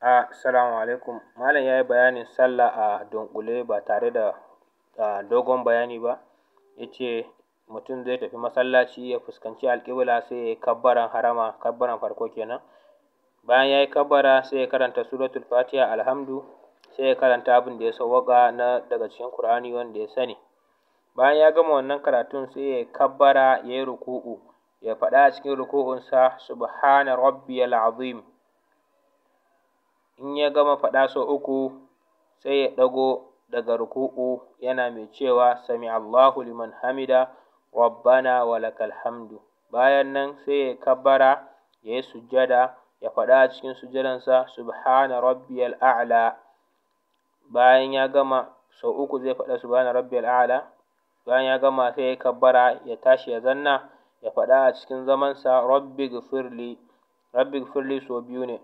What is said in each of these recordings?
Assalamu alaikum. Malam ya yi bayanin sallah a dunƙule ba tare da dogon bayani ba, ya ce mutum zai tafi masallaci ya fuskanci alƙibla sai ya yi kabbaran harama, kabbaran farko kenan. Bayan ya kabbara sai ya karanta suratul fatiha alhamdu sai ya karanta abin da ya sawwaƙa na daga cikin ƙur'ani wanda ya sani. Bayan ya gama wannan karatun sai ya yi kabbara ya yi ruku'u, ya faɗa a cikin ruku'unsa subhana rabbiyal azim. in ya gama faɗa sau uku sai ya ɗago daga ruku'u yana mai cewa sami Allahu liman hamida rabbana lakal hamdu bayan nan sai ya kabbara ya yi sujjada ya faɗa a cikin sujjadansa subhana rabbiyal a'la bayan ya gama sau uku zai faɗa subhana rabbiyal a'la bayan ya gama sai ya kabbara ya tashi ya zanna ya faɗa a cikin zamansa rabbi gfirli rabbi gfirli sau biyu ne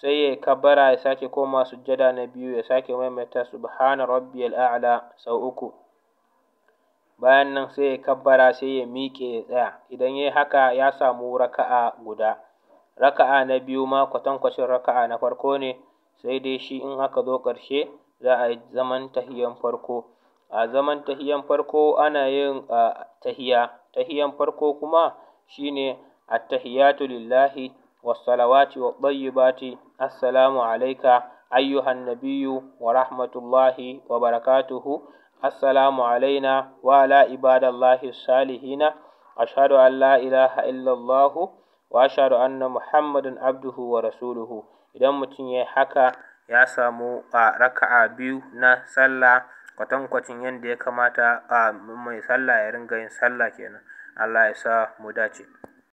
sai ya kabara ya sake koma sujjada na biyu ya sake maimaita subhana rabbiyal a'la sau uku bayan nan sai ya kabbara sai ya miƙe ya tsaya idan yayi haka ya samu raka'a guda raka'a na biyu ma kwatankwacin raka'a na farko ne sai dai shi in aka zo ƙarshe za a yi zaman tahiyan farko a zaman tahiyan farko ana yin tahiya tahiyan farko kuma shine tahiyatu lillahi والصلوات والطيبات السلام عليك أيها النبي ورحمة الله وبركاته السلام علينا وعلى عباد الله الصالحين أشهد أن لا إله إلا الله وأشهد أن محمد عبده ورسوله إذا mutum ya haka ya samu a raka'a biyu na sallah kwatankwacin yadda ya kamata a mai sallah ya ringa yin sallah kenan Allah ya sa mu dace